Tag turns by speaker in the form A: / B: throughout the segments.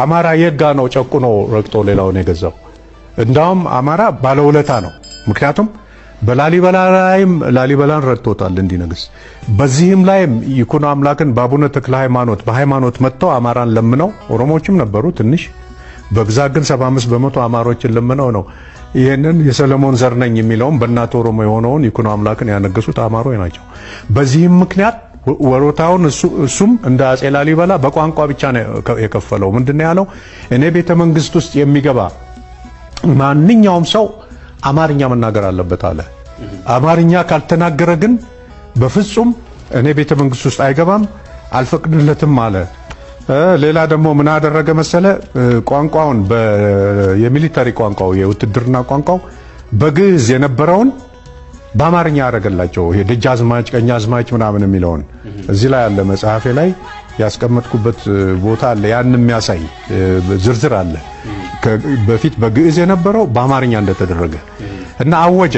A: አማራ የጋ ነው ጨቁኖ ረግጦ ሌላውን የገዛው። እንዳውም አማራ ባለውለታ ነው። ምክንያቱም በላሊበላ ላይም ላሊበላን ረድቶታል እንዲነግስ። በዚህም ላይም ይኩኖ አምላክን በአቡነ ተክለ ሃይማኖት በሃይማኖት መጥተው አማራን ለምነው፣ ኦሮሞዎችም ነበሩ ትንሽ በብዛት ግን 75 በመቶ አማሮችን ለምነው ነው ይህንን የሰለሞን ዘር ነኝ የሚለውን በእናት ኦሮሞ የሆነውን ይኩኖ አምላክን ያነገሱት አማሮ ናቸው። በዚህም ምክንያት ወሮታውን እሱም እንደ አፄ ላሊበላ በቋንቋ ብቻ ነው የከፈለው። ምንድን ነው ያለው? እኔ ቤተ መንግስት ውስጥ የሚገባ ማንኛውም ሰው አማርኛ መናገር አለበት አለ። አማርኛ ካልተናገረ ግን በፍጹም እኔ ቤተ መንግስት ውስጥ አይገባም አልፈቅድለትም አለ። ሌላ ደግሞ ምን አደረገ መሰለ? ቋንቋውን የሚሊተሪ ቋንቋው የውትድርና ቋንቋው በግዕዝ የነበረውን በአማርኛ ያደረገላቸው ይሄ ደጃዝማች ቀኛዝማች ምናምን የሚለውን እዚህ ላይ አለ መጽሐፌ ላይ ያስቀመጥኩበት ቦታ አለ። ያን የሚያሳይ ዝርዝር አለ። በፊት በግዕዝ የነበረው በአማርኛ እንደተደረገ እና አወጀ።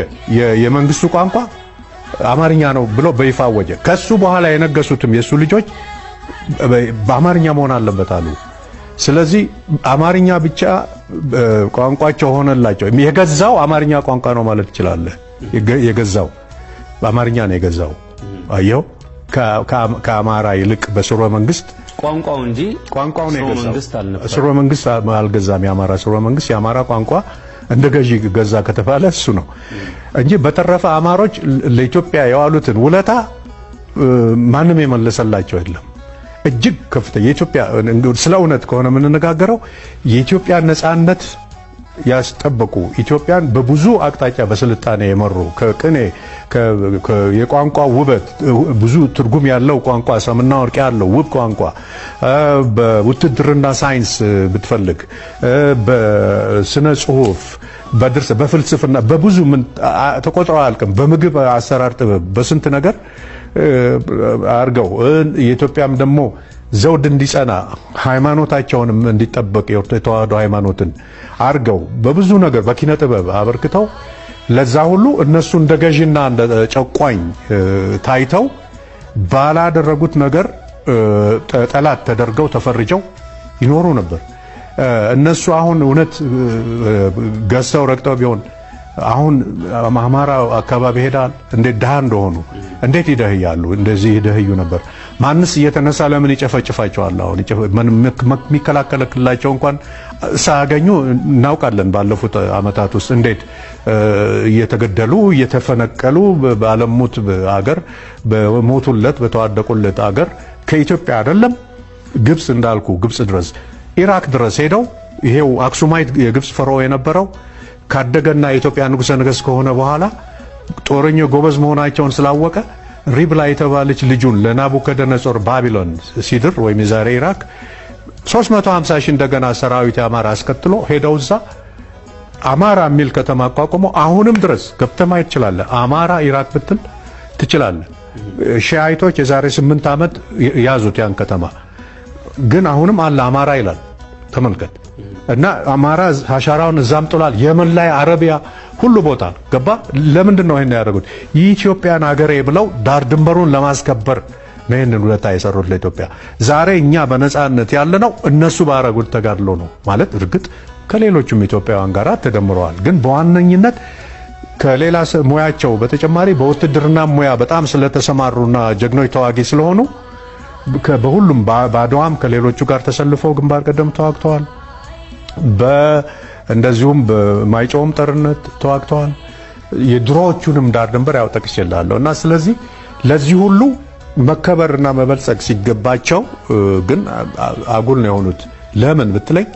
A: የመንግስቱ ቋንቋ አማርኛ ነው ብሎ በይፋ አወጀ። ከሱ በኋላ የነገሱትም የሱ ልጆች በአማርኛ መሆን አለበት አሉ። ስለዚህ አማርኛ ብቻ ቋንቋቸው ሆነላቸው። የገዛው አማርኛ ቋንቋ ነው ማለት ይችላል። የገዛው በአማርኛ ነው የገዛው አየው ከአማራ ይልቅ በስርወ መንግስት ቋንቋው እንጂ ቋንቋው ነው የገዛው። ስርወ መንግስት አልገዛም። የአማራ ስርወ መንግስት የአማራ ቋንቋ እንደ ገዢ ገዛ ከተባለ እሱ ነው እንጂ በተረፈ አማሮች ለኢትዮጵያ የዋሉትን ውለታ ማንም የመለሰላቸው የለም። እጅግ ከፍተ የኢትዮጵያ ስለ እውነት ከሆነ የምንነጋገረው የኢትዮጵያ ነጻነት ያስጠበቁ ኢትዮጵያን በብዙ አቅጣጫ በስልጣኔ የመሩ ከቅኔ የቋንቋ ውበት ብዙ ትርጉም ያለው ቋንቋ ሰምና ወርቅ ያለው ውብ ቋንቋ በውትድርና ሳይንስ ብትፈልግ በስነ ጽሁፍ በድርሰ በፍልስፍና በብዙ ተቆጥረው ተቆጥሮ አያልቅም። በምግብ አሰራር ጥበብ በስንት ነገር አድርገው የኢትዮጵያም ደግሞ ዘውድ እንዲጸና ሃይማኖታቸውንም እንዲጠበቅ የተዋህዶ ሃይማኖትን አርገው በብዙ ነገር በኪነ ጥበብ አበርክተው ለዛ ሁሉ እነሱ እንደ ገዥና እንደ ጨቋኝ ታይተው ባላደረጉት ነገር ጠላት ተደርገው ተፈርጀው ይኖሩ ነበር። እነሱ አሁን እውነት ገዝተው ረግጠው ቢሆን አሁን አማራ አካባቢ ሄዳል እንዴት ድሃ እንደሆኑ እንዴት ይደህያሉ? እንደዚህ ይደህዩ ነበር። ማንስ እየተነሳ ለምን ይጨፈጭፋቸዋል? አሁን የሚከላከልላቸው እንኳን ሳያገኙ እናውቃለን። ባለፉት አመታት ውስጥ እንዴት እየተገደሉ እየተፈነቀሉ ባለሙት አገር በሞቱለት በተዋደቁለት አገር ከኢትዮጵያ አይደለም ግብፅ እንዳልኩ ግብፅ ድረስ ኢራቅ ድረስ ሄደው ይሄው አክሱማይት የግብፅ ፈርዖ የነበረው ካደገና የኢትዮጵያ ንጉሠ ነገሥት ከሆነ በኋላ ጦረኞ ጎበዝ መሆናቸውን ስላወቀ ሪብላ የተባለች ልጁን ለናቡከደነጾር ባቢሎን ሲድር ወይም የዛሬ ኢራክ 350 ሺህ እንደገና ሰራዊት አማራ አስከትሎ ሄደው እዛ አማራ የሚል ከተማ አቋቁሞ አሁንም ድረስ ገብተማ ይችላል። አማራ ኢራቅ ብትል ትችላለ። ሺአይቶች የዛሬ 8 ዓመት ያዙት ያን ከተማ ግን አሁንም አለ አማራ ይላል። ተመልከት። እና አማራ ሀሻራውን እዛም ጥሏል። የመን ላይ አረቢያ ሁሉ ቦታ ገባ። ለምንድን ነው ይሄን ያደረጉት? የኢትዮጵያን ሀገሬ ብለው ዳር ድንበሩን ለማስከበር ነው ይሄን ውለታ የሰሩት ለኢትዮጵያ። ዛሬ እኛ በነፃነት ያለነው እነሱ ባረጉት ተጋድሎ ነው ማለት እርግጥ ከሌሎቹም ኢትዮጵያውያን ጋር ተደምረዋል። ግን በዋነኝነት ከሌላ ሙያቸው በተጨማሪ በውትድርና ሙያ በጣም ስለተሰማሩና ጀግኖች ተዋጊ ስለሆኑ በሁሉም በአድዋም ከሌሎቹ ጋር ተሰልፈው ግንባር ቀደም ተዋግተዋል። እንደዚሁም በማይጨውም ጦርነት ተዋግተዋል። የድሮዎቹንም ዳር ድንበር ያው ጠቅሼልሃለሁ እና ስለዚህ ለዚህ ሁሉ መከበርና መበልጸግ ሲገባቸው ግን አጉል ነው የሆኑት። ለምን ብትለኝ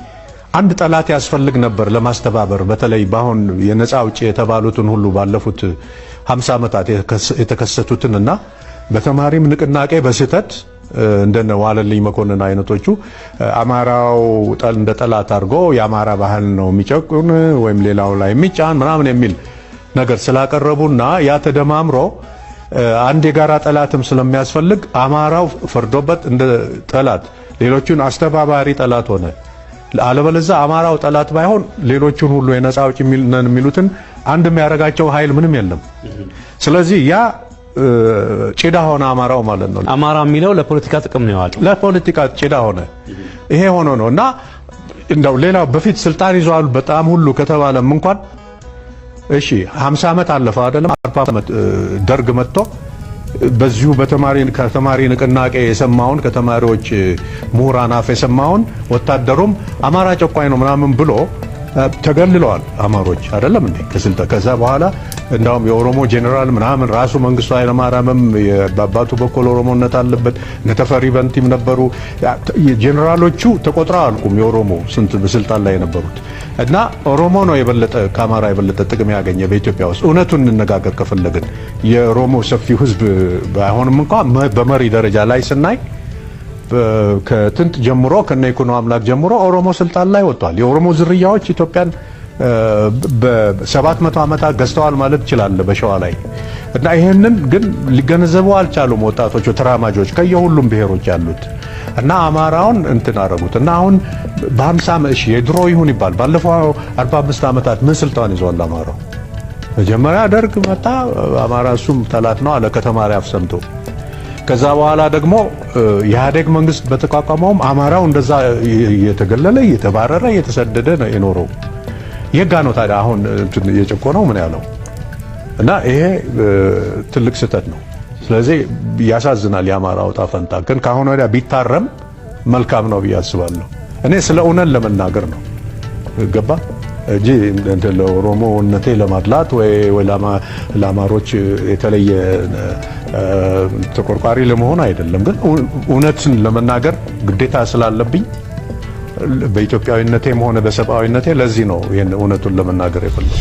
A: አንድ ጠላት ያስፈልግ ነበር ለማስተባበር። በተለይ በአሁን የነፃ አውጪ የተባሉትን ሁሉ ባለፉት 50 ዓመታት የተከሰቱትን እና በተማሪም ንቅናቄ በስህተት እንደነ ዋለልኝ መኮንን አይነቶቹ አማራው እንደ ጠላት አድርጎ የአማራ ባህል ነው የሚጨቁን ወይም ሌላው ላይ የሚጫን ምናምን የሚል ነገር ስላቀረቡና ያ ተደማምሮ አንድ የጋራ ጠላትም ስለሚያስፈልግ አማራው ፈርዶበት እንደ ጠላት ሌሎቹን አስተባባሪ ጠላት ሆነ። አለበለዛ አማራው ጠላት ባይሆን ሌሎቹን ሁሉ የነፃ አውጪ የሚሉትን አንድ የሚያደርጋቸው ኃይል ምንም የለም። ስለዚህ ያ ጭዳ ሆነ አማራው ማለት ነው።
B: አማራ የሚለው ለፖለቲካ ጥቅም ነው ያለው፣
A: ለፖለቲካ ጭዳ ሆነ። ይሄ ሆኖ ነው እና እንደው ሌላ በፊት ስልጣን ይዟል በጣም ሁሉ ከተባለም እንኳን እሺ 50 ዓመት አለፈ አይደለም፣ 40 ዓመት ደርግ መጥቶ በዚሁ በተማሪ ከተማሪ ንቅናቄ የሰማውን ከተማሪዎች ምሁራን አፍ የሰማውን ወታደሩም አማራ ጨቋኝ ነው ምናምን ብሎ ተገልለዋል አማሮች አይደለም እንዴ ከስልጣ ከዛ በኋላ እንዳውም የኦሮሞ ጄኔራል ምናምን ራሱ መንግስቱ ኃይለማርያምም በአባቱ በኩል ኦሮሞነት አለበት ነተፈሪ በንቲም ነበሩ ጄኔራሎቹ ተቆጥረው አልቁም የኦሮሞ ስንት በስልጣን ላይ የነበሩት እና ኦሮሞ ነው የበለጠ ከአማራ የበለጠ ጥቅም ያገኘ በኢትዮጵያ ውስጥ እውነቱን እንነጋገር ከፈለግን የኦሮሞ ሰፊው ህዝብ ባይሆንም እንኳ በመሪ ደረጃ ላይ ስናይ ከጥንት ጀምሮ ከነ ይኩኖ አምላክ ጀምሮ ኦሮሞ ስልጣን ላይ ወጥቷል። የኦሮሞ ዝርያዎች ኢትዮጵያን በሰባት መቶ ዓመታት ገዝተዋል ማለት ይችላል በሸዋ ላይ እና ይሄንን ግን ሊገነዘቡ አልቻሉም ወጣቶቹ ተራማጆች ከየሁሉም ብሔሮች ያሉት እና አማራውን እንትን አረጉት እና አሁን በ50 የድሮ ይሁን ይባል ባለፈው 45 ዓመታት ምን ስልጣን ይዟል አማራው መጀመሪያ ደርግ መጣ አማራ እሱም ጠላት ነው አለ ከተማሪ አፍ ሰምቶ ከዛ በኋላ ደግሞ የኢህአዴግ መንግስት በተቋቋመውም አማራው እንደዛ እየተገለለ እየተባረረ እየተሰደደ ነው የኖረው። የጋ ነው ታዲያ አሁን የጨቆነው ምን ያለው እና ይሄ ትልቅ ስህተት ነው። ስለዚህ ያሳዝናል። የአማራው ዕጣ ፈንታ ግን ከአሁን ወዲያ ቢታረም መልካም ነው ብዬ አስባለሁ። እኔ ስለ እውነት ለመናገር ነው ገባ እንጂ ለኦሮሞነቴ ለማድላት ወይ ለአማሮች የተለየ ተቆርቋሪ ለመሆን አይደለም። ግን እውነትን ለመናገር ግዴታ ስላለብኝ በኢትዮጵያዊነቴም ሆነ በሰብአዊነቴ ለዚህ ነው ይህን እውነቱን ለመናገር የፈለኩት።